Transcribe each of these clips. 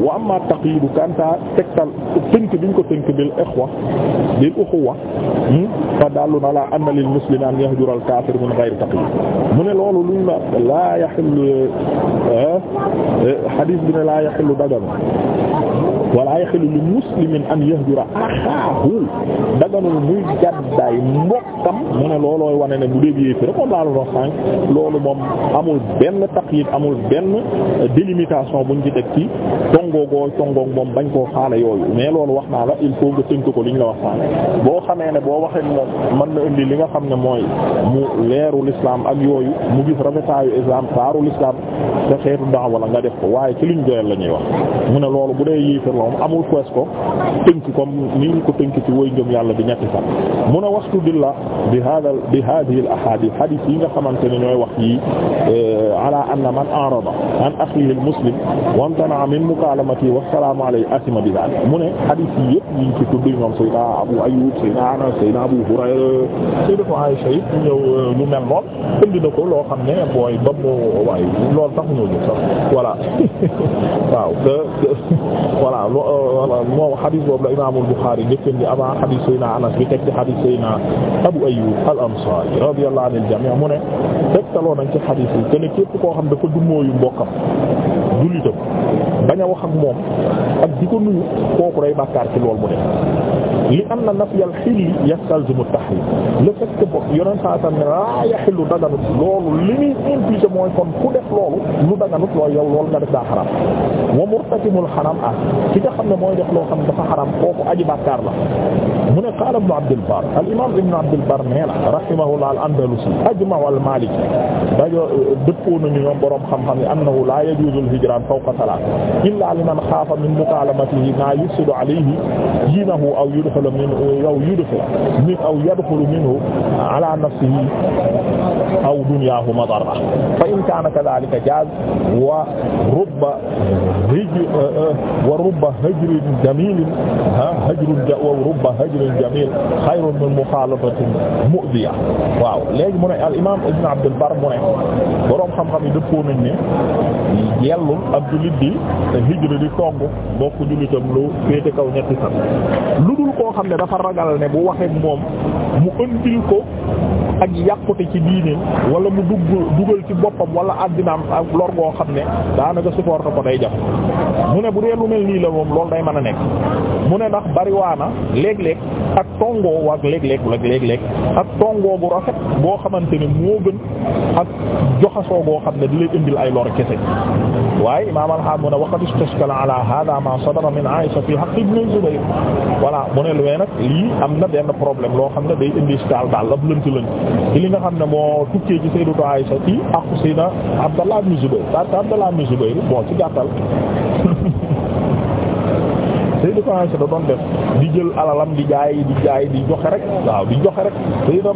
wa amma taqiidu kanta tegtal tënk biñ ko tënk bil ikhwa bil ukhuwa hmm? fa dallun ala anna lil muslimi an yahjura al kaafir min ghayri taqyid mu ne loolu luñ la laa yaxillu xadiis eh, eh, bi ne laa yaxillu daganu wala yaxillu lil muslimin an yahjura axaahu daganul muy gàddaay mbokkam mu ne loolooy wane ne bu dee yéefi rek moom laa la doon sànq loolu moom amul benn taqyid amul benn eh, délimitation buñ ci teg ci songoo goo songoo moom bañ koo faale yooyu mais loolu wax naa la il faut nga tënk ko li ñu la wax faale boo xamee ne boo waxee moom mën na indi li nga xam ne mooy mu leeru l'islam ak yooyu mu gis rafetaayu islam taaru l'islam te xeetu ndax wala nga def ko waaye ci luñ doyal la ñuy wax mu ne loolu bu dee yéefar la moom amul quest ko tënk ko ni ñu ko tënk ci woy ngëm yàlla di ñetti fan mu ne waxtu di la bi hada bi hadihi al ahadith hadith yi nga xamante ne ñooy wax yi eh, ala anna man arada an akhihi alamati wa salaamu alayhi asima bi daal mu ne hadith yi yëpp ñu ngi ci tudd ñoom Seydina Abu Ayyub Seydina Anas Seydina Abu Hurayra Sayyidatu Aisha yi ñëw lu euh, mel noonu indi na ko loo xam ne booy ba mu waaye loolu tax ñoo jóg sax voilà waaw te euh, voilà moom hadith boobu la Imaamul Buxaari njëkkan di avant hadith Seydina Anas bi teg ci hadith Seydina Abu Ayyub al-Ansaari radiyallahu anil jamii' mu ne tegtaloo nañ ci hadith yi te ne képp koo xam dafa dummóoyu mbokkam jullitam bañ a wax ak moom ak di ko nuyu kooku day bàkkaar ci loolu mu def li anna nafy al hilli yastalzimu tahrim le fait que bokk yonent saa tam ne laa yaxillu daganut loolu li muy impliqué mooy kon ku def loolu lu daganut loolu yow loolu nga def daa xaram wa murtakimul xaram ah ki nga xam ne mooy def loo xam ne dafa xaram kooku aji bàkkaar la mu ne qaala ibnu abdul bar al imam ibnu abdul bar nee na rahimahullah al andalusi ajma'u al maliki dajo euh, dëppoo nañu ñoom boroom xam-xam yi annahu la yajuuzul hijraan fawqa salaat illa liman xaafa min mukaalamatihi ma yufsidu alayhi diinahu aw yadxulu minhu aw yudxil min aw yadxulu minhu ala nafsihi aw dunyaahu madarra fa in kaana kadhaalika jaaza wa rubba hijr eh, eh, wa rubba hajrin jamilin hajrun wa rubba hajrin jamil xayrun min muxaalatatin mu'diya waaw léegi mu ne al imaam ibn Abd al mu ne boroom xam-xam yi dëppoo nañ ne yellul ab jullit di hijr di togg bokk jullitam lu féete kaw ñetti sax lu dul koo xam ne dafa ragal ne bu waxee moom mu ëndil ko ak yàqute ci diine wala mu dugg dugal ci boppam wala addinaam ak lor goo xam ne daanaka supporté ko day jafe mu ne bu dee lu mel nii la moom loolu day man a nekk mu ne ndax bariwaana léeg-léeg ak tongoo ak léeg-léeg léeg-léeg ak tongoo bu rafet boo xamante ne moo gën ak joxasoo boo xam ne di lay indil ay lor kese waaye imaam alxaam mu ne waqad istashkala ala hada ma sadara min Aisha fi haqq ibn Zubayr voilà mu ne lu mee nag lii am na benn problème loo xam ne day indi daal daal ab lënt lënt ci li nga xam ne moo tukkee ci Sayyidatu Aisha ci aqu Sayyidina Abdallah ibn ci gàttal Sayyidu Aisha da doon di jël alalam di jaay di jaay di joxe rek waaw di rek Sayyidu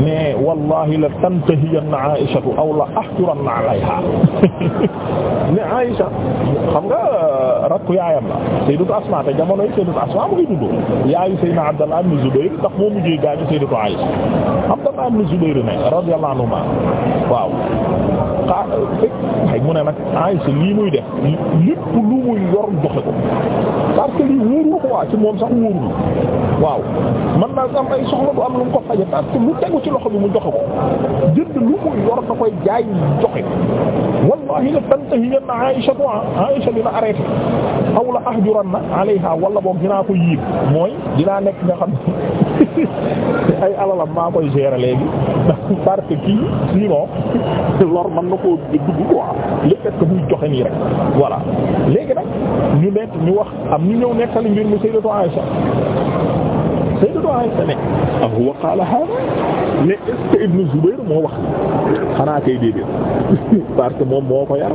mais wallahi la tantahiyanna Aisha aw la ahjuranna alayha ne Aisha xam nga rakku yaayam la Sayyidu Asma te jamonoy Sayyidu Asma mu ngi dund yaayu Sayyidina Abdallah ibn Zubayr ndax Abdallah ibn Zubayr ne radiyallahu anhu waaw xaa ay mu ne nag Aysa lii muy def lépp lu muy yor joxe ko parce que lii waa ci moom sax wóorul waaw man naa am ay soxla bu am lu mu ko faje parce que lu tegu ci loxo bi mu joxe ko jënd lu muy yor da koy jaay joxe wallahi la tantahiyanna Aysa ko Aysa dina arrêté aw la ahjuranna alayha wala boog dinaa ko mooy di dinaa nekk nga xam ay alalam maa koy gérer léegi parce que kii lor mën na koo dugg quoi le léegi nag ñu nekk ñu wax am ñu ñëw nekkali mbir mi Sayyidatu Aïcha Sayyidatu Aïcha ne huwa qaala hada mais est moo wax xanaa kay déedéet parce moom moo ko yar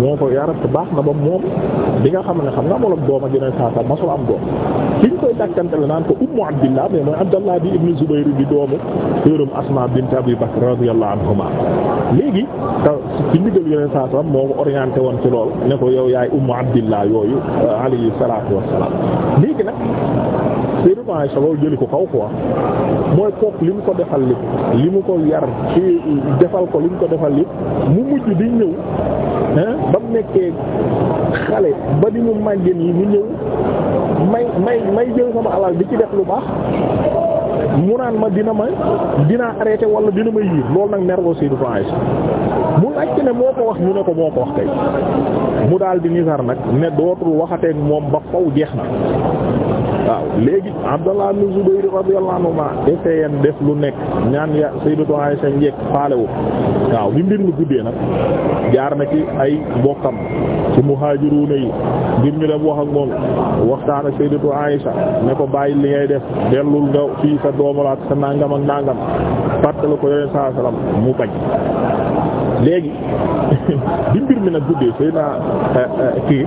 moo ko yarat baax na ba moom bi nga xam ne xam nga moloog doom ak yeneen ma saa masul am doom ki ñu koy dàkkante la naan ko ummu abdillah mais mooy abdallah bi ibnu zubayr bi doomu sëram asma bint abi bakr radiyallahu anhuma léegi te ci ndigal yeneen saa moo ko orienté woon ci lool ne ko yow yaay ummu abdillah yooyu alayhi salaatu wassalaam léegi nag Sayyidatu Aisha loolu jëli ko kaw quoi mooy kook li mu ko defal lépp li mu ko yar ci defal ko li mu ko defal lépp mu mujj di ñëw ba mu nekkee xale ba di ñu màggee yi ñu ñëw may may may jël sama alal di ci def lu baax mu naan ma dina ma dinaa arrêté wala dina ma yiir loolu nag nerveux si du faay mu laajte ne moo ko wax ñu ne ko moo ko wax kay mu daal di nisar nag ne dootul waxateeg moom ba faw jeex na waaw léegi Abdallah ibn Zubayr def lu nekk ñaan ya Sayyidatu Aisha njekk faalewu waaw bi mbir mi guddee nag jaar na ki ay mbokkam ci muhaajiruuna yi ngir ñu dem wax ak moom waxtaan ak Sayyidatu Aisha ko bàyyi li def dellul nga fii sa sa nangam ak nangam fàttali ko yoneen salaam mu bañ léegi bi mbir mi nag guddee Sayyidina eh, eh, kii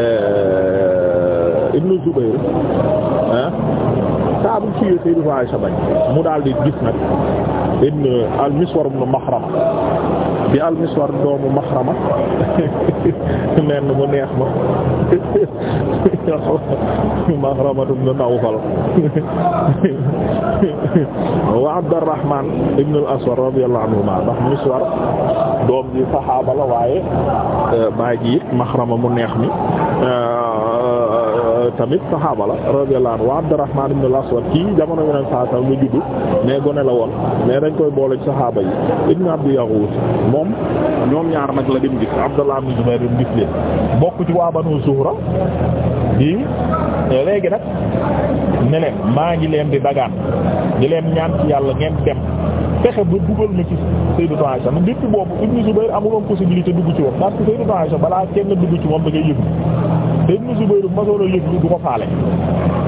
eh, ibnu Zubayr ah saa bu kiiwee Sayyidatu Aisha bañ mu daal di gis nag ibn al-Miswar ibn Maxrama bi al-Miswar doomu Maxrama mel mu neex ma Maxrama ibn Nawfal wa Abdurrahman ibn al-Aswad radiyallahu anhuma Miswar doom ji saxaaba la waaye eh, baa ji Maxrama mu neex mi eh, tamit saxaaba la radiyallahu anhu wa Abdurrahman ibn al-Aswad kii jamono yeneen saa saa mu juddu mais gone la woon mais dañ koy boole ci saxaaba yi ibn Abd Yaghuth moom ñoom ñaar nag la dem gis Abdullah ibn Zubayr dem gis leen bokk ci waa Banu Zuhra di léegi nag ne maa ngi leen di dagaan di leen ñaan ci yàlla ngeen dem fexe ba dugal ma ci Sayyidatu Aisha nu depuis boobu Ibn Zubayr amuloon possibilité dugg ci woon parce que Sayyidatu Aisha balaa kenn dugg ci moom da Ibn Zubayr masoon a yëg du ko faale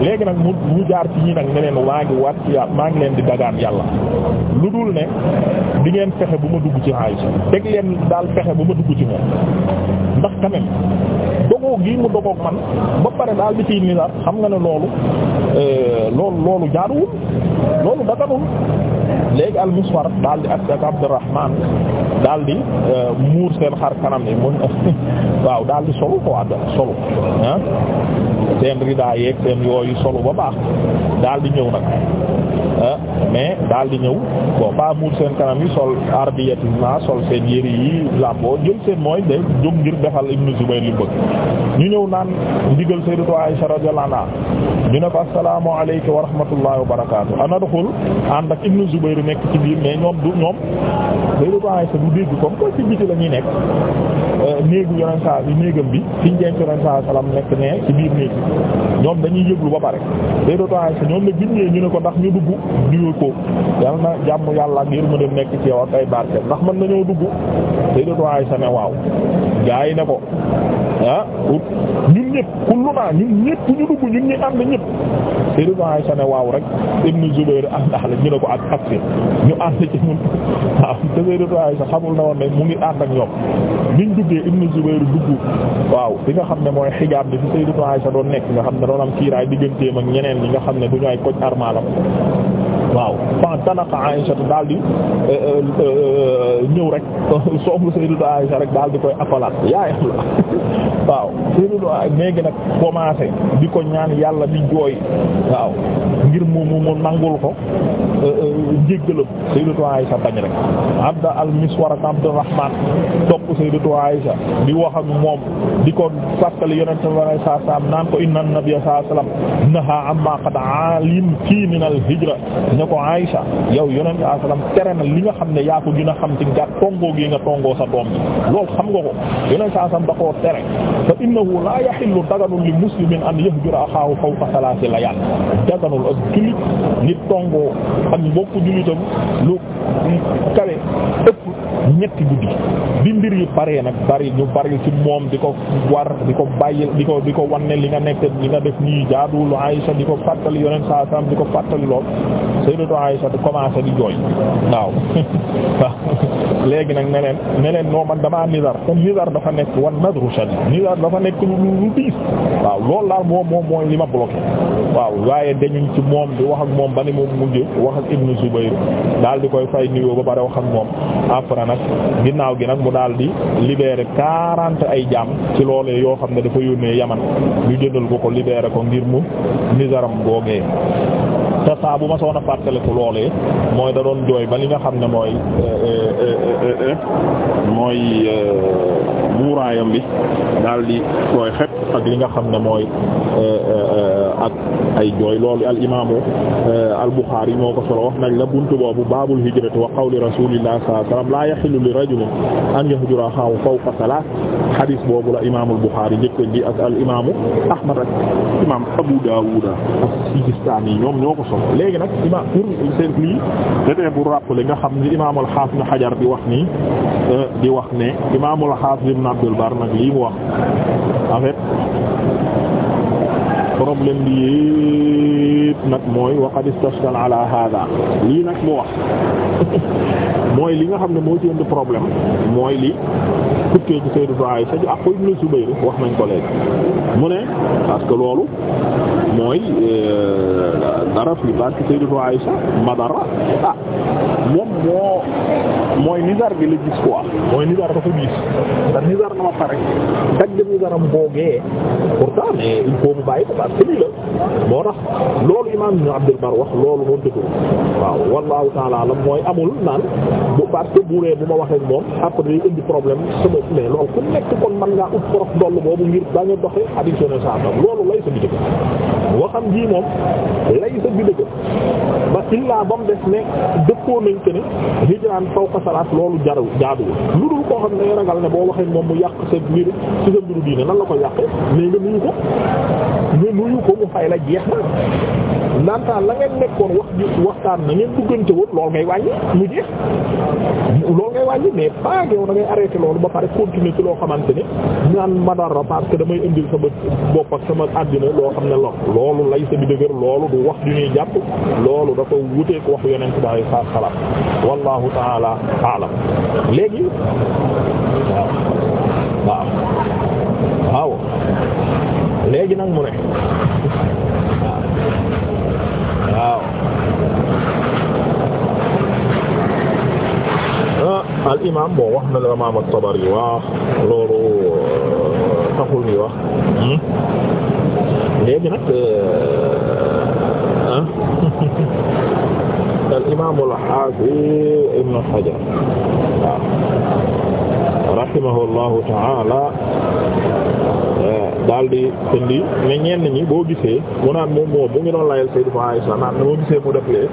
léegi nag mu mu jaar ci ñi nag ne leen maa ngi waat ci maa ngi leen di dagaan yàlla lu dul ne di ngeen fexe bu ma dugg ci Aysa teg leen daal fexe bu ma dugg ci moom ndax quand même dogoo gi mu dogoog man ba pare daal di ciy nisaat xam nga ne loolu euh, loolu loolu jaaduwul léegi al-Miswar dal di ak ak Abdurrahman dal di euh, muur seen xar kanam ni waaw daal di solu ko waa solu ah seen ridaa yeeg seen yooyu solu ba baax dal di ñëw nag ah. mais daal di ñëw bon pas muur seen kanam yi sol arbiyatina sol seen yëri yi làmboo jël seen mooy day jóg ngir defal Ibnu Zubayr li bëgg ñu ñëw naan ndigal Sayyidatu Aisha radiyallahu anha ñu ne ko assalaamu alayka wa wa barakaatu ana ànd ak Ibnu Zubayr nekk ci biir mais ñoom du ñoom Sayyidatu Aysa du dégg comme ko ci biti la nekk euh, néegu yonent saa bi néegam bi fiñ denc yonent saa salaam nekk ne ci biir néeg bi ñoom dañuy yëglu ba pare Sayyidatu Aysa ñoom la giññee ñu ne ko ndax ñu dugg nuyoo ko yal na jàmm yàlla ak yër mu dem nekk ci yow ak ay barke ndax mën nañoo dugg Sayyidatu Aysa ne waaw gaa ne ko ah ñun ñëpp kullu naa ñun ñëpp ñu dugg ñun ñu ànd ñëpp Sayyida Aisha ne waaw rek Ibn Zubayr ànd ak la ñu ne ko ak ak ñu ànd ci ñun waaw te Sayyida Aisha xamul mu ngi ànd ak ñoom biñ duggee Ibn Zubayr dugg waaw bi nga xam ne mooy xijaab bi fi Sayyida Aisha doon nekk nga xam ne doon am kiiraay digganteem ak ñeneen ñi nga xam ne du ñu ay koj armalam waaw fan tanaka Aïcha daal di euh, euh, euh, ñëw rek soobu Sayyidatu Aïcha rek daal di koy appalaat yaayam la waaw Sayyidatu léegi nag commencé di ko ñaan yàlla di jooy waaw ngir moom mu nangul ko njéggalam sayyidatu Aisha bañ rek abda al miswar ak Abdurrahman topp sayyidatu Aisha di wax ak moom di ko fàttali yonente sallallahu alayhi wasallam naan ko inna nabiyya sallallahu alayhi wasallam naha amma qad alimti min al hijra ne ko Aisha yow yonente sallallahu alayhi wasallam tere na li nga xam ne yaa ko gën a xam ci gàtt tongoo gi nga tongoo sa doom bi loolu xam nga ko yonente sallallahu alayhi wasallam da koo tere fa innahu la yahillu daganul li muslimin an yahjura axaahu fawqa thalathi layal daganul ak jullit nit tongoo jullitam lu kawe ñetti guddi bi mbir yi paree nag bari ñu bari ci moom di ko war di ko bàyyil di ko di ko wanne li nga nekk li nga def nii jaaduwul Aïcha di ko fàttali yoneen saa sam di ko fàttali lool Sayyidatu Aïcha di commencé di jooy waaw léegi nag ne leen ne leen noo man damaa nizar kon nizar dafa nekk wan nadru shadid nizar dafa nekk lu diis waaw loolu daal moom moom mooy li ma bloqué waaw waaye dañuñ ci moom di wax ak moom ba ni moom mujj wax ak Ibn di koy fay nuyoo ba pare wax nag ginnaaw gi nag mu daal di libéré quarante ay jaam ci loolee yoo xam ne dafa yónnee yaman ñu jëndal ko ko libéré ko ngir mu misaram googee te saa bu ma soon a fàttaliku loolee mooy da doon jooy ba li nga xam ne mooy euh, euh, euh, mooy muuraayam bi daal di koy xet ak li nga xam ne mooy euh, euh, ak ay jooy loolu al imaamu euh, al Buxaari moo ko solo wax nañ la buntu boobu baabul hijrati wa qawli rasuulillah sallallahu alayhi wa sallam laa yaxilu li rajulin an yahjura axaahu fawqa salaas xadiis boobu la imaamul Buxaari njëkk bi ak al imaamu Ahmad ak imaam Abu Daawuda Sijistaani ñoom ñoo ko solo léegi nag imaam pour seen lii c'était pour rappeler nga xam ni imaamul wax Ibn Abdul Bar nag lii mu wax en fait problème bi yëpp nag mooy wa qad istashkala ala hada lii nag mu wax mooy li nga xam ne moo ci indi problème mooy li tukkee ci Sayyidatu Aisha ak ko wax nañ ko léegi mu ne parce que loolu mooy euh, dara fi parce que Sayyidatu Aisha madara ah moom moo mooy nizar bi la gis quoi mooy nizar dafa gis ndax nizar na ma pare dagg nizaram boogee pourtant il faut mu bàyyi ko parce que lii la moo tax loolu imaam Ibnu Abdul Bar wax loolu moo dëgg waaw wallahu ta'ala mooy amul naan bu parce bu ree bu ma waxee moom après day indi problème sama mais loolu ku nekk kon man ngaa ut prof doll boobu ngir ba nga doxee additionné sa tam loolu lay sa bi dëgg waxam jii moom lay sa bi dëgg ba illaa ba mu des ne dëppoo nañ ko ne hijraan fawqa salaat loolu jaru jaaduwul lu dul koo xam ne ragal ne boo waxee moom mu yàq sa mbir ci sa mbiru diine nan la ko yàqee mais nga nuyu ko nga nuyu ko mu fay la jeex na naan la ngeen nekkoon wax ji waxtaan na ngeen duggante woon loolu ngay wàññi loolu ngay wàññi mais pas yow da ngay loolu ba pare continuer ci loo xamante ne ñaan madara parce que damay indil sama bopp sama àddina loo xam ne lox loolu lay sa bi dëgër loolu du wax ju ñuy jàpp loolu dafa wuteek wax yonent bi alayhi salaatu salaam wallahu taala aalam léegi waaw waaw waaw léegi nag mu ne waaw al imaam boo wax na la imaam at-Tabari waaw loolu euh, taxul ñuy wax hmm? léegi nag euh, ah. al imaam al-Haafiz Ibn Hajar waaw rahimahullahu ta'ala daal di indi ne ñenn ñi boo gisee mu naan moom moom mu ngi doon layal Sayyidou Aïcha naan ne ma gisee mu def lee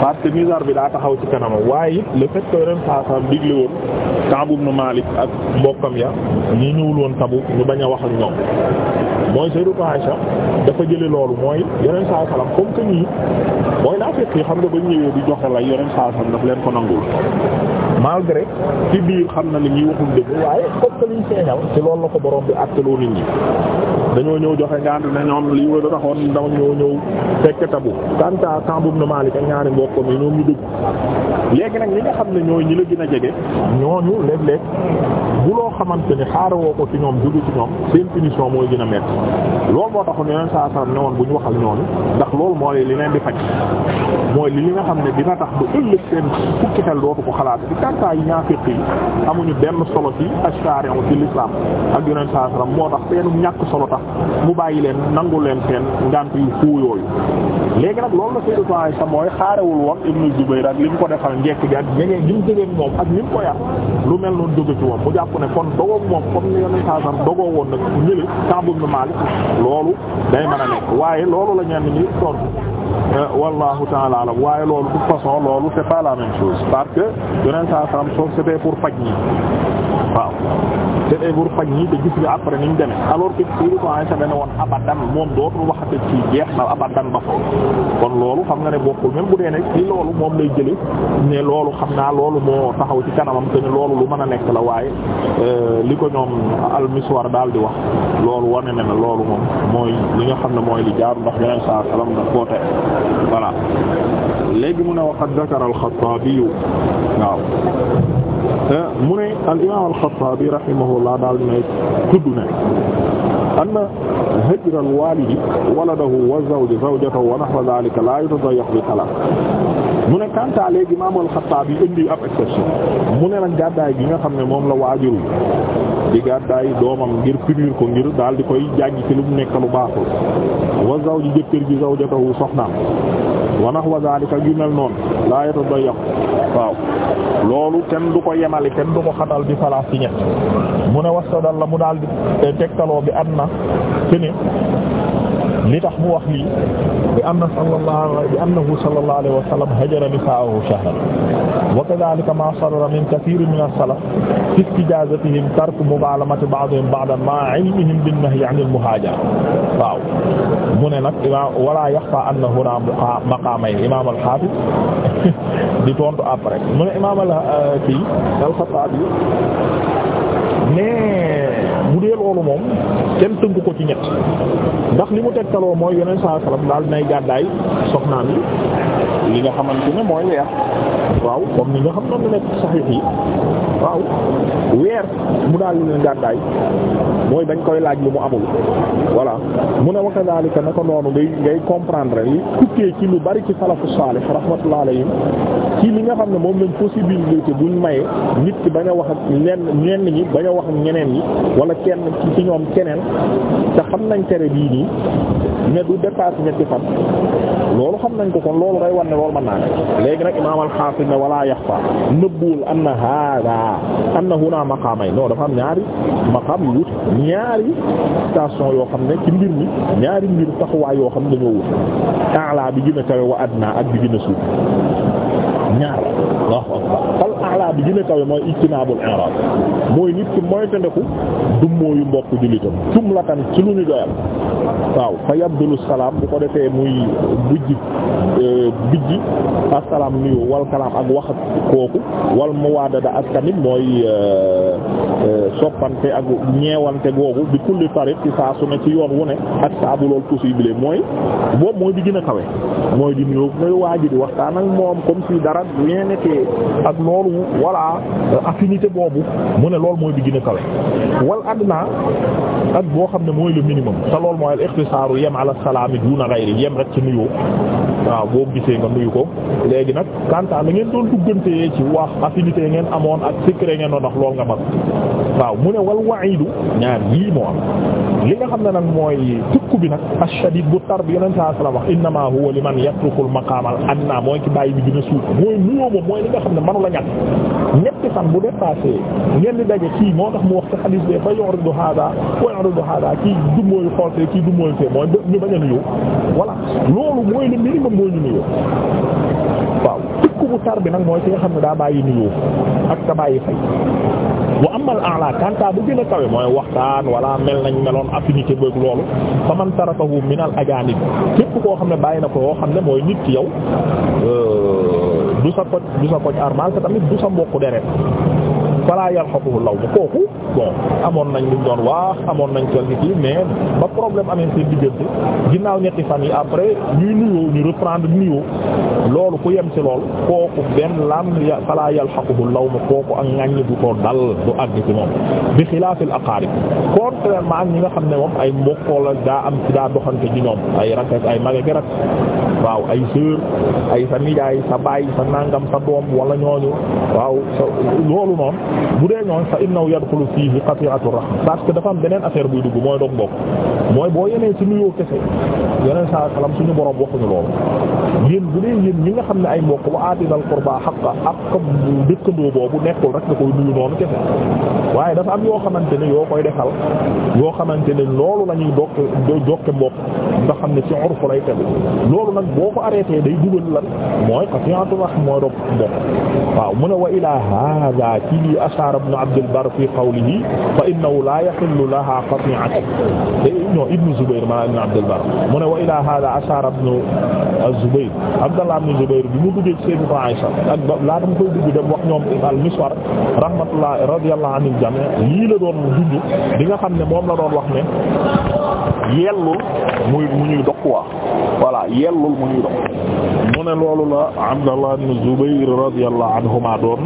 parce que bi daa taxaw ci kanamam waaye it le fait que ren saasam digle woon Kaabu ibn ak mbokkam ya ñi ñëwul woon Tabuk ñu bañ a wax ak ñoom mooy Sayyidou Aïcha dafa jële loolu mooy yeneen saa salaam comme que nii mooy naa fekk xam nga ba ñëwee di joxe lay yeneen saa salaam daf leen ko nangul malgré ci biir xam na ni ñuy waxul dëgg waaye comme que liñ ci loolu la ko borom bi lool nit ñi dañoo ñëw joxe ngant ne ñoom lii wala taxoon ndaw ñoo ñëw fekk tabu kanta Ka'b ibn Malik ak ñaari mbokkam yi ñoom ñu dugg léegi nag ñi nga xam ne ñooy ñi la gën a jege ñooñu léeg-léeg bu loo xamante ni woo ko ci ñoom dugg ci ñoom seen punition mooy gën a metti loolu moo taxoon yeneen saa ñu waxal ndax loolu mooy li leen di faj mooy li li nga xam ne dina tax ba ëllëg seen fukki xel dootu ko xalaat ci kanta yi ñaafiq yi amuñu benn solo ci ashari'u ak yeneen saa saa moo tax benn ñàkk solo tax mu bàyyi leen nangu leen seen ngant yu fuu yooyu léegi nag loolu la Sayyidatu Aisha mooy xaarewul woon Ibnu Zubayr ak li mu ko defal njekk bi ak ñeneen ñi mu jógeen moom ak ñi mu ko yar lu mel noonu jóge ci woon mu jàpp ne kon dogoog moom comme ni yeneen saasam dogoo woon nag ñële Ka'b ibn Malik loolu day mën a nekk waaye loolu la ñenn ñi tontu Euh, wallahu taala alam waaye loolu de façon loolu c'est pas la même chose parce que yeneen saa saam soof c'était pour faj ñi waaw c'était pour faj ñi te gis nga après niñ demee alors que siri ko Aisha dana woon abadan moom dootul waxate ci jeex na abadan ba foofu kon loolu xam nga ne bokkul même bu dee ne loolu moom lay jële ne loolu xam naa loolu moo taxaw ci kanamam te ne loolu lu mën a nekk la waaye euh, li ko ñoom almiswar daal di wax loolu wane ne na loolu moom mooy li nga xam ne mooy li jaaru ndax yeneen saa voilà léegi mu ne waxat dakara al-Xattaabi waaw mu ne al-imaam al-Xattaabi rahimahullah daal ne tudd ne anna hajra al-waalidi waladahu wa zawji zawjatahu wa nahwa dhaalika laa yatadayyaq bi talaaq mu ne Kantaa léegi imaam al-Xattaabi indi ab exception mu ne nag gàddaay gi nga xam ne moom la waajur di gàddaay doomam ngir punir ko ngir daal di koy jàggi ci lu mu nekk lu baaxul wa zawji jëkkër ji zawjatahu soxnaam wa nahwa zalika yu mel noonu laa yatadayyaq waaw loolu kenn du ko yemali kenn du ko xatal di falaas ci ñett mu ne wastadalla mu daal di tegtaloo bi anna kene li tax mu wax lii bi am na sallallahu bi annahu sallallahu alayhi wa sallam hajara nisaahu shahran wa kadhalika ma sarra min kathirin min as-salaf fi istijazatihim tarku mubalamati ba'dihim ba'dan ma'a ilmihim bin nahyi 'an al-muhajara waaw mu ne nag imaam wala yaxfa anna huna maqaamayn imaam al-hafiz di tontu après mu ne imaam al-Khattabi bu dee loolu moom kenn tënku ko ci ñett ndax li mu tegtaloo mooy yeneen saa salaam daal nay gàddaay soxnaam yi li nga xamante ne mooy weer waaw comme nga xam na mu nekk yi waaw weer mu daal leen gàddaay mooy dañ koy laaj lu mu amul voilà mu ne wa kadhalika naka noonu ngay ngay comprendre li ci lu bari ci salafu salih rahmatullah alayhim li nga xam ne moom lañ possibilité buñ maye nit ki bañ a wax ak lenn ñenn ñi bañ a wax ak ñi wala kenn ci ñoom keneen te xam nañ tere bii nii ne du dépasse fan loolu xam nañ ko kon loolu day wan ne loolu mën naa ne léegi nag imaam al ne wala yaxfa nëbbuwul anna hada anna huna maqaamay non dafa am ñaari maqaam yu wut ñaari station yoo xam ne ci mbir mi ñaari mbir taxawaay yoo xam ne dañoo wut a'la bi gën a kawe wa adna ak bi gën a suuf ñaar Allahu akbar fal a'la bi gën a kawe mooy ijtinaabul i'raab mooy nit ki mooyu mbokk jullitam jumlatan ci lu ñu doyal waaw fa yabdulu salaam bu ko defee muy bijji euh, bijji assalaam nuyu wal ak wax ak kooku wal muwaadada ak tamit mooy euh, Euh, soppante ak ñeewante googu bi kulli tariq ci saa su ne ci yoon wu ne ak saa bu lool possible mooy boobu mooy bi gën a kawe mooy di ñëw mooy waaj di waxtaan ak moom comme si dara rien n'était ak loolu voilà euh, affinité boobu mu ne loolu mooy bi gën a kawe wal adna ak boo xam ne mooy le minimum te loolu mooy al ikhtisaaru yem ala salaami duna ghayri yem rek ci nuyoo waaw boo gisee nga nuyu ko léegi nag kantaan da ngeen doon duggante ci wax affinité ngeen amoon ak secret ngeen doon ndax loolu nga mag waaw mu ne wal wa'idu ñaar yii moo li nga xam ne nag mooy tukku bi nag ash-shadid bu tar bi yonent wax innama huwa liman yatruku al-maqam al-adna mooy ci bàyyi bi dina suuf mooy nuyoo mooy li nga xam ne manu la ñàkk ñetti fan bu dépassé ngeen di daje kii moo tax mu wax ci xadiis bi fa yu'ridu hada wa yu'ridu hada kii du mooy xoolte kii du mooy fee mooy ñu bañ a nuyoo voilà loolu mooy le minimum mooy ñu nuyoo waaw tukku bu tar bi nag mooy ci nga xam ne daa bàyyi nuyoo ak ka bàyyi fay amal ala kanta bu gën a kawe mooy waxtaan wala mel nañ meloon affinité bëgg loolu fa man tarakahu min al ajanib képp koo xam ne bàyyi na ko woo xam ne mooy nit ci yow euh, du sa koñ du sa koñ armal te tamit du sa mbokku deret fala yarhamuhu law bu kooku bon amoon nañ luñ doon wax amoon nañ ko nit yi mais ba problème amee seen diggante ginnaaw ñetti fan yi après ñuy nuyoo ñu reprendre nuyoo loolu ku yem ci loolu kooku benn lam fala yarhamuhu law ma kooku ak ŋàññ du ko dal du àgg ci moom bi xilaafil aqarib contrairement ak ñi nga xam ne moom ay mbokkoo la daa am ci daa doxante ci ñoom ay raket ay magaki rak waaw ay sœur ay sa nijaay sa baay sa nàngam sa doom wala ñooñu waaw loolu noonu bu dee ñoon fa innahu yadxulu fiihi qati'atu rahma parce que dafa am beneen affaire buy dugg mooy dog mbokk mooy boo yenee ci nuyoo kese yeneen saa salaam suñu borom waxuñu loolu yéen bu dee yéen ñi nga xam ne ay mbokk wa aatinal qurba haqqa ak dëkkandoo boobu nekkul rek nga koy nuyu noonu kese waaye dafa am yoo xamante ne yoo koy defal yoo xamante ne loolu la ñuy dokke dokke mbokk nga xam ne ci urfu lay tegu loolu nag boo ko arrêté day dugal lan mooy qati'atu rahm mooy dog mbokk wa ilaa haadaa ci lii ashara ibn Abd al-Barr fi qawlihi fa innahu laa yahillu lahaa qati'atu non ibn Zubayr ma ibn Abd al-Barr mu ne wa ilaa haadaa Zubayr Abdallah ibn Zubayr bi mu duggee ci Sayyidatu Aisha ak laata mu koy dugg dem wax ñoom al-Miswar rahmatullah radiyallahu anil jami' lii la doon dund di nga xam ne moom la doon wax ne yellul muy mu ñuy dox quoi voilà yellul mu ñuy dox mu ne loolu la Abdallah ibn Zubayr radiyallahu anhuma doon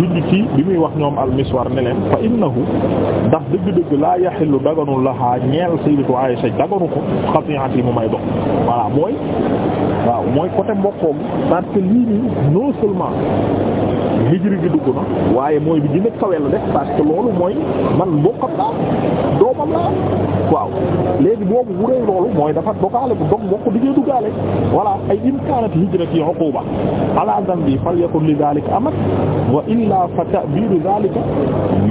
dund ci bi muy wax ñoom al-Miswar ne leen fa innahu ndax dëgg-dëgg laa yaxillu daganul laha ñeel Sayyidatu Aisha daganu ko xati'ati mu may dox voilà mooy waaw mooy côté mbokkoom parce que lii nii non seulement hijri dugg na waaye mooy bi di kawe la def parce que loolu mooy man mbokkam laa doomam laa waaw léegi boobu wuree loolu mooy dafa dogaale bu dog mbokk di ngay duggaale voilà ay imkaanat hijrati uquba ala dambi falyakun li dhalika amat wa fa ta'biru dhalika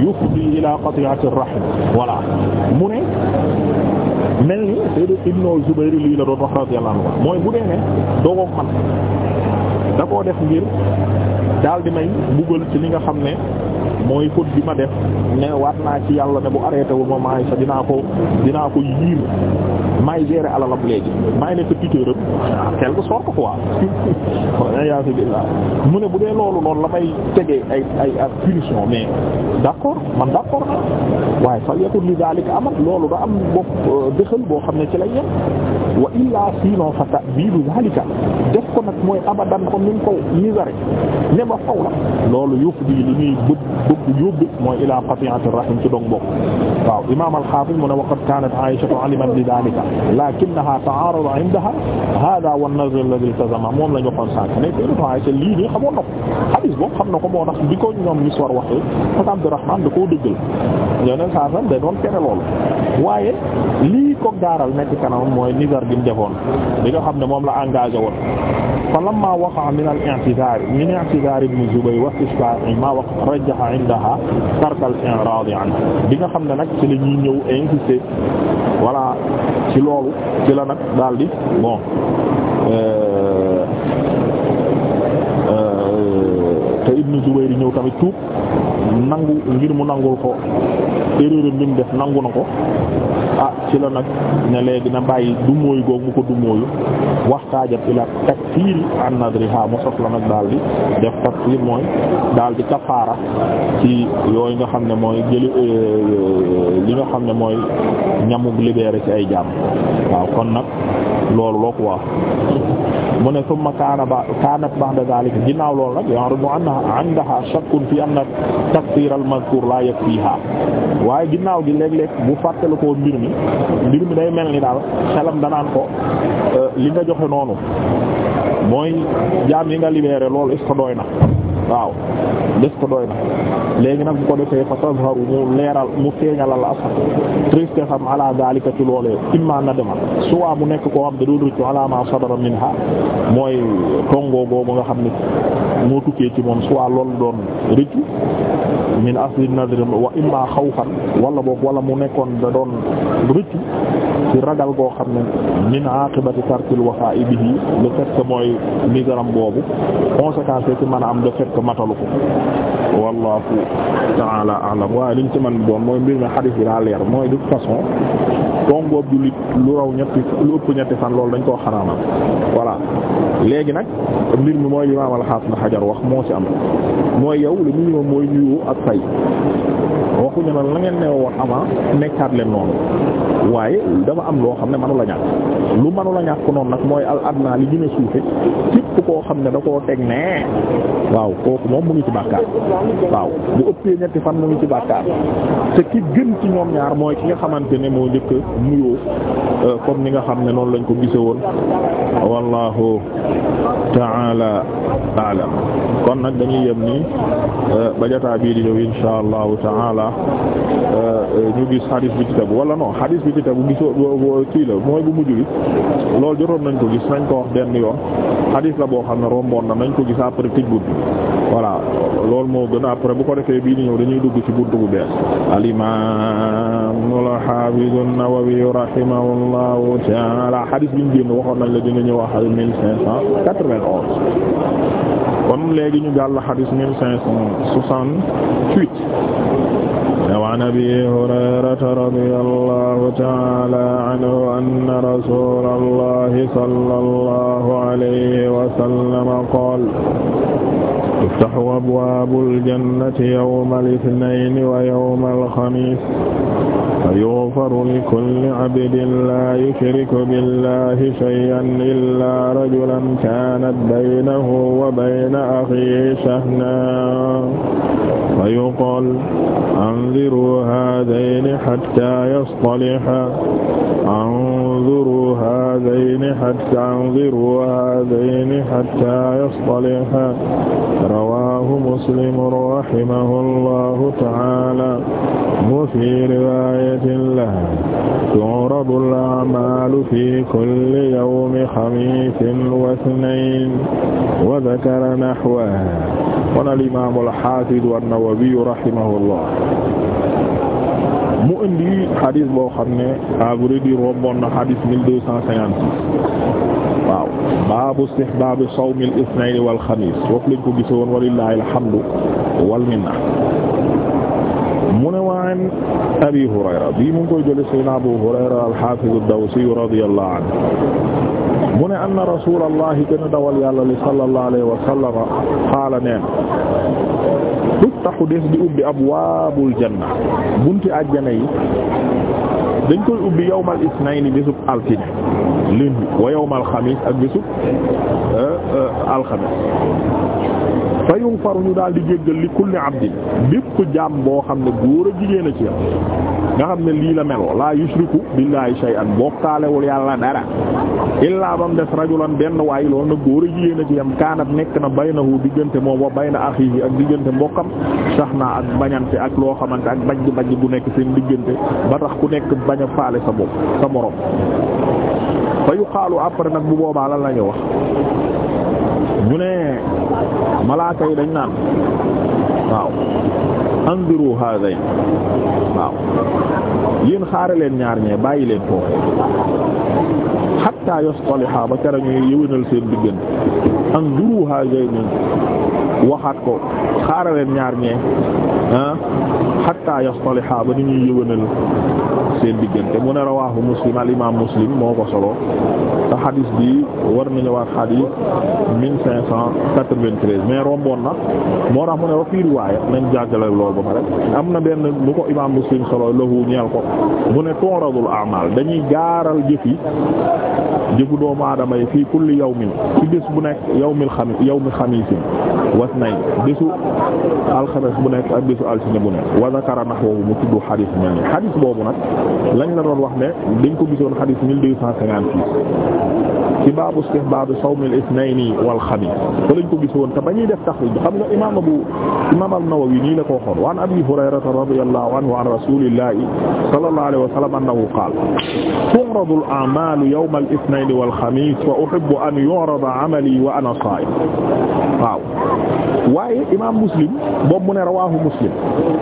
yufdi ila qati'ati rahim voilà mu ne mel ni Seydou Ibnu Zubayr lii la doon wax radiyallahu anhu mooy bu dee ne dogoog man da koo def ngir daal di may buggal ci li nga xam ne mooy faute bi ma def ne waat naa ci yàlla ne bu arrêté wu ma maay sa dinaa ko dinaa ko yiir maay gérer alalam léegi maay nekk tuteur am ah, quelque sorte quoi ayasu billah mu ne bu dee loolu noonu la may tegee ay ay ak punition mais d'accord man d'accord na waaye fal yakun li dalik amal loolu da am bopp euh, dëxal boo xam ne ci lay yem wa illaa sinon fa ta'bidu dhalika def ko nag mooy abadan ko ni mu ko ne ba faw la loolu yëf bi li muy bëgg dugg yóbbu mooy ila qati'ati rahim ci dong bokk waaw imam al-hafiz mu ne waqad kanat aisha aliman bi dhalika lakinnaha ta'arada 'indaha hadha wan-nazr alladhi iltazama moom la ñu waxoon sànq ne tey dafa aisha lii nii xamoon na ko hadis boobu xam na ko moo tax bi ko ñoom miswar waxee fat Abdurrahman da koo dëggal yeneen saa sam da doon tere loolu waaye lii ko gaaral nekk kanam mooy nizar gi mu defoon li nga xam ne moom la engagé woon fa lamma waqa'a min al-i'tizar min i'tizar ibn Zubayr wa istishfa'i ma waqa'a rajjaha maqama indaha tarkal i'radi an bi nga xam ne nag ci la ñuy ñëw insister voilà ci loolu ci la nag daal di bon euh, euh, te Ibn Zubayr ñëw tamit tuub nangu ngir mu nangul ko erreur bi def nangu na ko ah ci la nag ne léegi na bàyyi dumóoyu googu mu ko dumóoyu waxtaajat ila takfir an nadriha mu soxla nag daal di def takfir mooy daal di kafaara ci yooyu nga xam ne mooy jëli euh, euh, li nga xam ne mooy ñamug libéré ci ay jaam waaw kon nag loolu loo ko wax mu ne summa kaana ba kaanat ba'da zaalika ginnaaw loolu nag ya'rudu annahaa indahaa shakkun fi anna takfiir al-mazkuur laa yakfiihaa waaye ginnaaw gi léeg-léeg bu fàttali ko mbir mi mbir mi day mel ni daal xelam danaan ko euh, li nga joxe noonu mooy jaam yi nga libéré loolu est-ce que doy na. waaw def ko doy na léegi nag bu ko defee fa tazharu mu leeral mu feeñalal asar triste xam ala dalika ci loolee imma na dema suwaa mu nekk koo xam da doon rëccu ala ma sadara minha mooy tongo boobu nga xam ne moo tukkee ci moom suwaa loolu doon rëccu min asli nadr wa imma xawfan wala boog wala mu nekkoon da doon rëccu ci ragal goo xam ne min aqibati tarkil wafa'i bihi yi fait que mooy garam boobu conséquence ci mën a am le fait que matalu ko wallahu ta'ala a'lam waaye ñu ci man doon mooy mbir mi xadis bi daa leer mooy de façon ton boobu du lu raw ñetti lu ëpp ñetti fan loolu dañ koo xaraamal voilà léegi nag mbir mi mooy li ma amal xaas xajar wax moo ci am mooy yow le minimum mooy nuyoo ak fay waxuñu na la ngeen ne woon avant nekkaat leen noonu waaye dafa am loo xam ne manu la ñàkk lu manu la ñàkk noonu nag mooy al adna li gën a suufe képp koo xam ne da koo teg nee waaw kooku moom mu ngi ci bàkkaar waaw bu ëppee ñetti fan mu ngi ci bàkkaar te ki gën ci ñoom ñaar mooy ki nga xamante ne moo njëkk nuyoo euh, comme ni nga xam ne noonu lañ ko gise woon wallahu ta'ala a'lam kon nag dañuy yem nii euh, ba jotaa bii di ñëw insha allahu ta'ala euh, ñu gis xadiis bi ci tegu wala non xadiis bi ci tegu gisoo kii la mooy bu nañ ko gis nañ ko wax benn yoon hadith la boo xam ne romboon na nañ ko gis après tëj bunt voilà loolu moo gën après bu ko defee bii ni ñëw dañuy dugg ci buntu bu bees al imam al hafiz an-Nawawi rahimahullahu ta'ala hadith biñ génn waxoon la dina ñëw wax mille cinq cent quatre-vingt-onze kon léegi ñu jàll hadith mille cinq cent soixante-huit wa an Abi Hurayrata radiyallahu ta'ala taala anhu anna rasulallahi sallallahu alayhi wa sallam qaala tuftahu abwaabul jannati yawmal ithnayni wa yawmal khamiis fa yughfaru likulli abdin laa yushriku billahi shay'an illaa rajulan kaanat baynahu wa bayna akhiihi shahnaa fa yuqaalu anziruu haadhayni hattaa yastalihuu anzuru haadayni hatta anzuru haadayni hatta yastaliha rawaahu muslim rahimahullahu ta'ala wa fii riwaayatin lahu tu'radul a'maalu fii kulli yawmi xamiisin wa isnayni wa dhakara nahwahu qaala al-imaam al-haafiz an-Nawawi rahimahullah mu indi xadis boo xam ne à vrai dire romboon na xadis mille deux cent cinquante six waaw baabu istihbaabi sawmi al-ithnayni wal xamiis foofu lañ ko gise woon walillaahi alhamdu wal minna mu ne waan abi hurayra bii mu ngi koy jële sayyidina abu hurayra al-haafiz ad-dawsi radiyallahu anhu mu ne anna rasuulallahi gën a dawal yàlla li sallallahu alayhi wa sallam qaala neen tuftahu des di ubbi abwaabul janna bunti àjjana yi dañ koy ubbi yawmal isnayni bésub altine lundi wa yawmal xamiis ak bésub euh, euh, alxamis fa yughfaru ñu daal di jéggal li kulli abdin bépp jaam boo xam ne góor a jigéen a ci yam nga xam ne lii la melo laa yushriku billahi shay'an bokkaalewul yàlla dara illaa bam des rajulan benn waayi loolu na góor a jigéen a ci yam kaanat nekk na baynahu diggante moom wa bayna akhihi ak diggante mbokkam shahna ak bañante ak loo xamante ak bajj bajj bu nekk seen diggante ba tax ku nekk bañ a faale sa bopp sa morom fa yuqaalu après nag bu boobaa lan la ñu wax malaaka yi dañ naan waaw andiru hadayn waaw yéen xaare leen ñaar ñee bàyyi leen foofu hatta yastaliha ba kera ñuy yëwénal seen diggante andiru hadayn waxaat ko xaare ñaar ñee ah hatta yastaliha ba ni ñuy yëwénal seen diggante mu ne rawahu muslim al imam muslim moo ko solo te xadis bi war nañu waat xadis mille romboon na moo tax mu ne wa fii riwaaya nañ jàggale lool ba pare am na benn bu ko imaam muslim solo lahu ñeel ko mu ne tu'radul amaal dañuy gaaral jëf yi jëfu doomu aadama yi fii kulli yawmin ci bés bu nekk yawmil xam yawmi xamiisin was nay bésu alxames bu nekk ak bésu altine bu nekk wa zakara nahwahu mu tudd xadis mel ni xadis boobu nag lañ la doon wax ne dañ ko gisoon xadis mille deux cent cinquante-six ci baabu istihbaab sawmil isnayni wal xamiis fa lañ ko gisoon te ba ñuy def taxriij xam nga imaam Abu imaam an nii la ko waxoon wa an abi hurayrata radiyallahu anhu an rasulillahi sallallahu alayhi wa sallam annahu qaala tu'radu al-a'maalu yawma al-ithnayni wal-khamiis wa uhibbu an yu'rada 'amalii wa ana saa'im waaw waaye imaam muslim boobu mu ne rawaahu muslim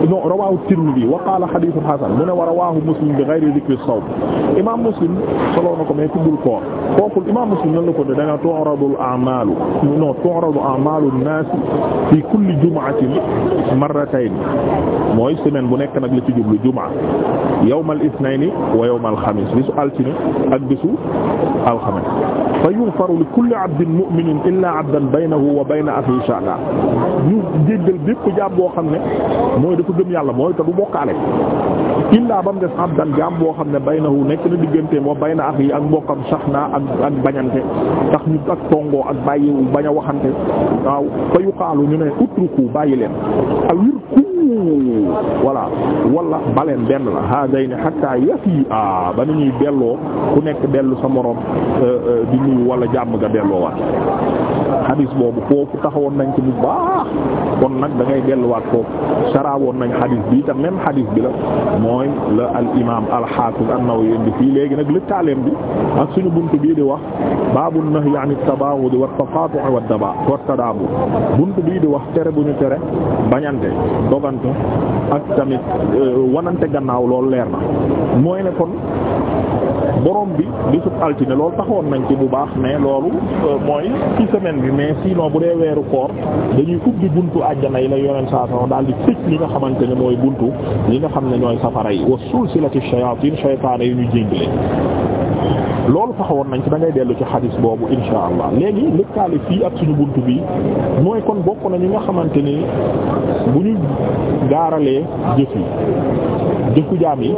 non rawaahu tirmidi wa qaala xadiisun xasan mu ne wa rawaahu muslim bi gayri dikri sawm imaam muslim solo na ko mais tuddul koor kooku imaam muslim nan la ko def da nga tu'radul a'maalu non tu'radu a'maalu naas fi kulli jumu'atin marratayn mooy semaine bu nekk nag la ci jublu jumaa yawmal isnayni wa yawmal xamiis bisu altine ak bisu alxamiis fa yughfaru li kulli abdin mu'minin illaa abdan baynahu wa bayna akhihi sha'nun ñu jéggal bépp jaam boo xam ne mooy dafa gëm yàlla mooy te du bokkaale illaa ba mu des abdan jaam boo xam ne wu nekk na diggante moo bayna ak yi ak mbokkam sax naa ak ak bañante ndax ñu ak tongoo ak bàyyiwu bañ a waxante waaw fa yuqaalu ñu ne utruku bàyyi leen awirku voilà wala baleen benn la haday ne hatta yafi a ba ni ñuy delloo ku nekk dellu sa moroom euh, euh, di nuyu wala jàmm nga waat xadis boobu foofu taxawoon nañ ci bu baax kon nag dangay ngay delluwaat foofu saraawoon nañ xadis bi tam même xadis bi la mooy la al imaam al xaafiz an-Nawawi indi fii léegi nag lëkkaaleem bi ak suñu buntu bii di wax baabu nahyi an at-tabaghud wa at-taqatu' wa at-tadabu buntu bii di wax tere bu ñu tere bañante jàppante ak tamit euh, wanante gannaaw loolu leer na mooy nekkoon kon borom bi di sub altine loolu taxoon nañ ci bu baax mais loolu euh, mooy ci semaine bi mais sinon bu dee weeru koor dañuy ubbi buntu àjjana yi la yoneen saa saa daal di tëj li nga xamante ne mooy buntu li nga xam ne ñooy safara yi wa sulsilati shayatin shaytaan yi ñu jéngale loolu taxawoon nañ ci dangay dellu ci xadis boobu insha allah léegi lëkkaale fii ak suñu bunt bi mooy kon bokk na ñi nga xamante ni bu ñu gaaralee jëf yi jëfu jaam yi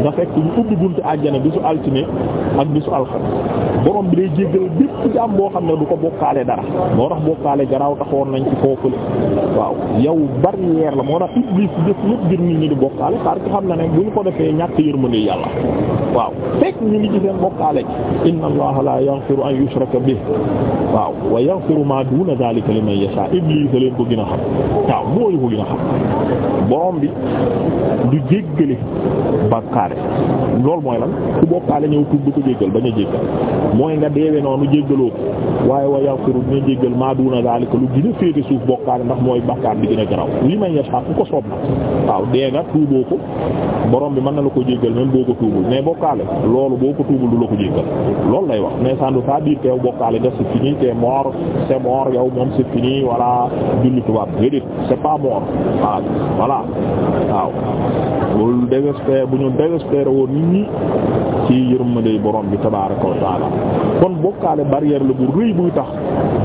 nga fekk ñu ubbi buntu àjjana bisu altine ak bisu alxames borom bi day jéggal bépp jaam boo xam ne du ko bokkaale dara moo tax bokkaale garaaw taxoon nañ ci foofule waaw yow barrière la moo tax iblis def lépp ngir nit ñi di bokkaale parce que xam na ne bu ñu ko defee ñàkk yërmande fekk ñu ngi ci seen bokkaale ci inna allaha la yaghfiru an yushraka bihi waaw wa yaghfiru ma duna dhalika liman yasha iblis leen ko gën a xam waaw moo ñu ko gën a xam borom bi du jéggale bàkkaare loolu mooy lan ku bokkaale ñëw tuub du ko jéggal bañ a jéggal mooy nga deewe noonu jéggaloo waaye wa yaghfiru dina jéggal ma duna dhalika lu gën a féete suuf bokkaale ndax mooy bàkkaar bi gën a liman yasha ku ko soob na waaw dee nga tuuboo ko borom bi mën na la ko jéggal loolu boo ko tuubul du la ko jéggal loolu lay wax mais ça ne veut pas dire que yow bokkaale nga c'est fini t'es mort c'est mort yow moom c'est fini voilà julli tubaab déedéet c'est pas mort waaw ah, voilà waaw loolu désespère bu ñu désespérer woon nit ñi ci yërmande borom bi tabaaraka wa kon bokkaale barrière la bu rëy buy tax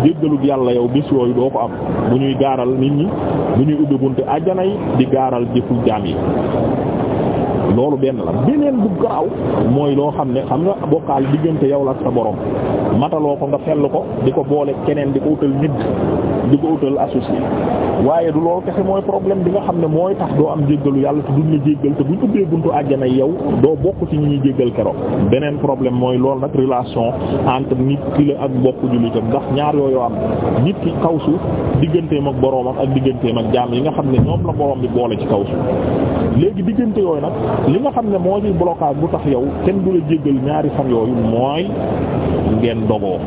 jéggalug yàlla yow bis yooyu doo ko am bu ñuy gaaral nit ñi bu ñuy ubbi bunte àjjana di gaaral jëfu jaam yi loolu benn la beneen bu garaaw mooy loo xam ne xam nga bokkaal diggante yow la ak sa borom mataloo ko nga fell ko di ko boole keneen di ko utal nit di ko utal associé waaye du loolu kese mooy problème bi nga xam ne mooy tax doo am jéggalu yàlla te duñ la jéggal te buñ ubbee buntu àjjana yow doo bokk ci ñu ñuy jéggal keroog beneen problème mooy lool nag relation entre nit ki la ak bokk jullitam ndax ñaar yooyu am nit ki kaw suuf digganteem ak boroomam ak digganteem ak jaam yi nga xam ne ñoom la borom bi boole ci kaw léegi diggante yooyu nag li nga xam ne moo ci blocage bu tax yow kenn du la jéggal ñaari fan yooyu mooy ngeen dogoo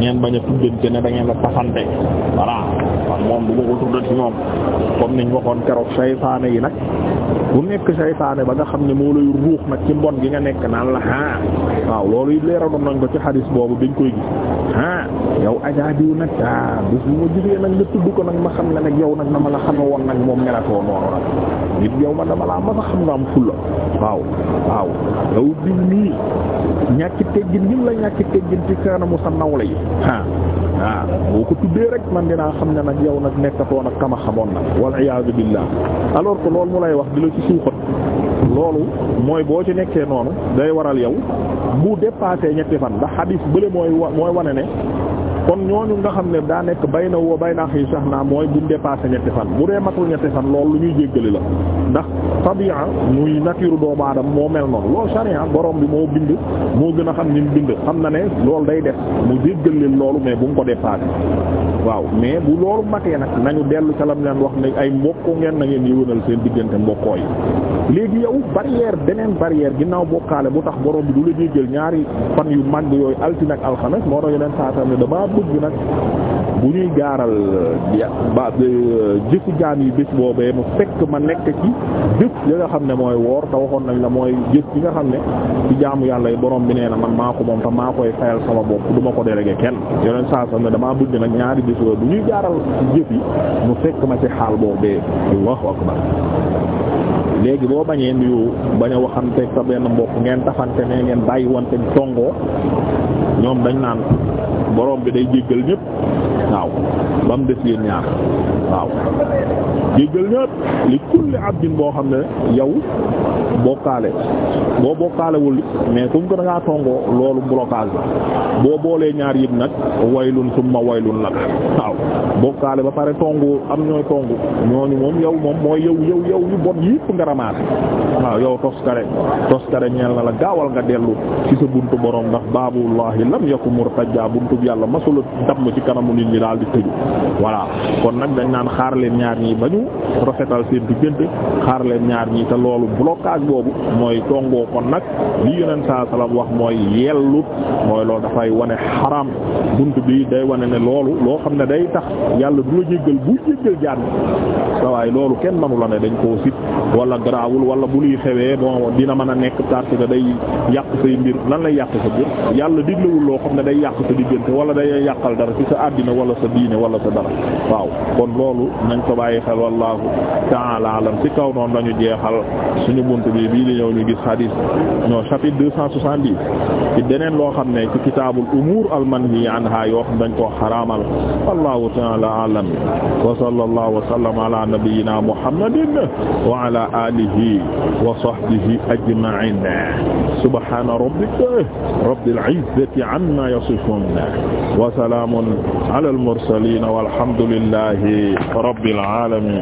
ngeen bañ a tuddante ne da ngeen a taxante voilà moom du ma ko tuddati ñoom comme niñ waxoon keroog saytaane yi nag. ku nekk saytaane ba nga xam ne moo lay ruux nag ci mbon gi nga nekk naan la ah waaw loolu it leeraloon nañ ko ci xadis boobu dañ koy gis ah yow ajaa diw nag ah bis bu ma jugee nag nga tudd ko nag ma xam ne yow nag dama la xame woon nag moom melatoo noonu nag nit yow ma dama ma sa xam nga am fulla waaw waaw yow diw nii ñàkki teggin ñim la ñàkk teggin ci kanamu sa nawle yi ah ah boo ko tuddee rek man dinaa xam ne nag yow nag nekkatoo nag kama xamoon nag wal iyaadu billah alors que suuxat loolu mooy boo ci nekkee noonu day waral yow bu dépassé ñetti fan ndax xadiis bële mooy mooy wane ne kon ñooñu nga xam ne daa nekk bay na woo bay na sax naa mooy buñ dépassé ñetti fan bu dee matul ñetti fan loolu lu ñuy jéggali la ndax tabi'a muy nature doomu aadama moo mel noonu loolu sharia boroom bi moo bind moo gën a xam ni mu bind xam na ne loolu day def mu jéggal leen loolu mais bu mu ko dépassé waaw mais bu loolu matee nag nañu dellu ca lam leen wax ne ay mbokko ngeen na ngeen yëwénal seen diggante mbokkoo yi léegi yow barrière beneen barrière ginnaaw bokkaale bu tax borom bi du la jéggal ñaari fan yu màgg yooyu altine ak alxames moo tax yeneen saa bëgg nag bu ñuy gaaral ba jëfu jaam yi bés boobee mu fekk ma nekk ci jëf li nga xam ne mooy woor te waxoon nañ la mooy jëf bi nga xam ne ci jaamu yàlla yi borom bi nee na man maa ko moom te maa koy fayal sama bopp du ma ko délégué kenn yeneen saa sax ne damaa bëgg nag ñaari bés bu ñuy gaaral jëf yi mu fekk ma ci xaal boobee Allahu akbar léegi boo bañee nuyu bañ a waxante sa benn mbokk ngeen taxante ne ngeen bàyyi wante tongoo ñoom dañ naan borom bi day jéggal ñépp waaw ba mu des yéen ñaar waaw jéggal ñëpp li kulli abdin boo xam ne yow bokkaale boo bokkaalewul mais comme que da ngaa tongoo loolu blocage boo boolee ñaar yëpp nag waylun summa waylun lak waaw bokkaale ba pare tongu am ñooy tongu ñooñu moom yow moom mooy yow yow yow yu bon yëpp nga waaw yow toskare toskare ñeel na la gaawal nga dellu ci sa buntu borom ndax baabullahi lam yaku murtajaa buntu yàlla masula damm ci kanamu nit ñi bi daal di tëju voilà kon nag dañ naan xaar leen ñaar ñi ba ñu rafetal seen diggante xaar leen ñaar ñi te loolu blocage boobu mooy tongoo kon nag li yonent saa wax mooy yellut mooy loolu dafay wane xaram bunt bi day wane ne loolu loo xam ne day tax yàlla du la jéggal bu jéggal jaan sa waay loolu kenn manu la ne dañ koo sit wala garaawul wala bu luy xewee bon dina mën a nekk parce que day yàq say mbir lan lay yàq sa mbir yàlla diglewul loo xam day yàq sa diggante wala wala sa diine wala sa dara waaw kon loolu nañ ko bàyyi xel wallahu ta'ala alam ci kaw noonu lañu jeexal suñu bunt bi bii li ñëw ñu gis hadith non chapitre deux cent soixante-dix ci deneen loo xam ne ci kitaabul umuur al manhi anha yoo xam dañ koo xaraamal wallahu ta'ala alam wa sallallahu wa sallama ala nabiyyina muhammadin wa ala alihi wa sahbihi ajma'in subhana rabbika rabbil izzati amma yasifun wa salamun ala almursaliin walhamdulillaahi rabbil aalamiin